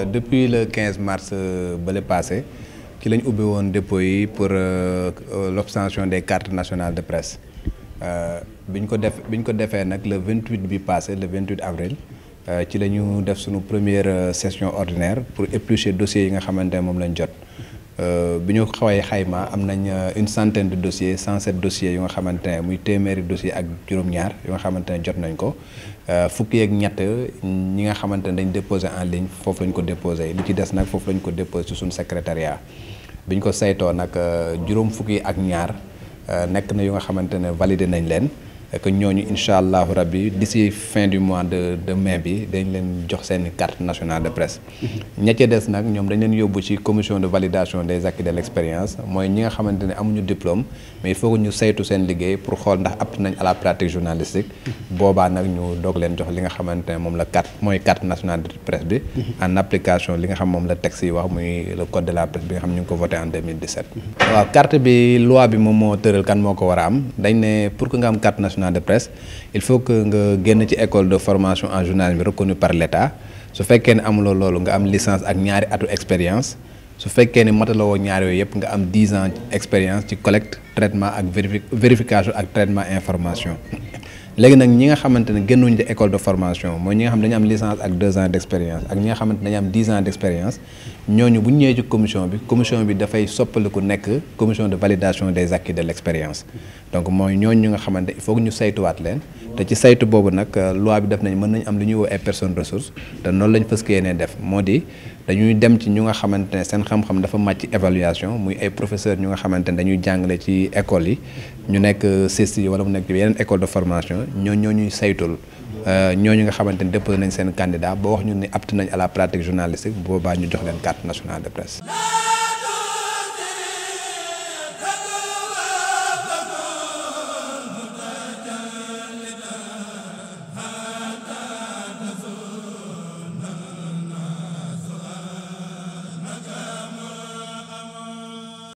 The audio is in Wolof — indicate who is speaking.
Speaker 1: Euh, depuis le 15 mars euh, ba le passé ci lañ ubbi woon dépôt yi pour euh, l'obtention des cartes nationales de presse biñ ko def biñ ko defee nag le 28 bi passé le 28 avril ci la ñu def suñu première session ordinaire pour éplucher dossiers yi nga xamante ne moom lañ jot Euh, bi ñu xawee xayma am nañ euh, une centaine de dossiers cent sept dossiers yu nga xamante ne muy téeméeri dossiers ak juróom-ñaar yu nga xamante ne jot nañ ko euh, fukki ak ñett ñi nga xamante ne dañ déposé en ligne foofu lañ ko déposé li ci des nag foofu lañ ko déposé ci suñu secrétariat bi ñu ko saytoo nag juróom fukki ak ñaar nekk na yu nga xamante ne validé nañ leen. que ñooñu incha allahu rabbi d'ici fin du mois de de bi dañ leen jox seen carte nationale de presse. Mhm. ña des nag ñoom dañ leen yóbbu ci commission de validation des acquis de l'expérience mooy ñi nga xamante ne amuñu diplôme mais il ñu saytu seen liggéey pour xool ndax apte nañ à la pratique journalistique. Mhm. boobaa ñu doog leen jox li nga xamante moom la carte mooy carte nationale de presse bi. Mhm. en application li nga xam moom la texte yi wax de presse il faut que nga génn ci école de formation en journalisme bi reconnue par l' état su fekkee ne amuloo loolu nga am licence ak ñaari atu expérience su fekkee ne mataloo woo ñaar yooyu yëpp nga am 10 ans expérience ci collecte traitement ak vérification ak traitement information léegi nag ñi nga xamante ne génnuñ de école de formation mooy ñi nga xam dañu am licence ak deux ans d' expérience ak ñi nga xamante dañu am dix ans bi commission bi dafay soppaliku nekk commission de des acquis de l' expérience donc mooy ñooñu nga xamante il ñu saytuwaat leen te ci saytu boobu nag euh, loi bi def nañ mën nañ am lu ñuy woo ay personnes ressources te noonu lañ fës yéenee def moo di dañuy dem ci ñu nga xamante ne seen xam-xam dafa màcc évaluation muy ay professeurs ñu nga xamante ne dañuy jàngale ci école yi ñu nekk euh, CESTI wala mu nekk ci yeneen école de formation ñoo ñoo ñuy saytul euh, ñooñu nga xamante ni déposé nañ seen candidat ba wax ñu ne apte nañ à la pratique journalistique boobaa ñu jox leen carte nationale de presse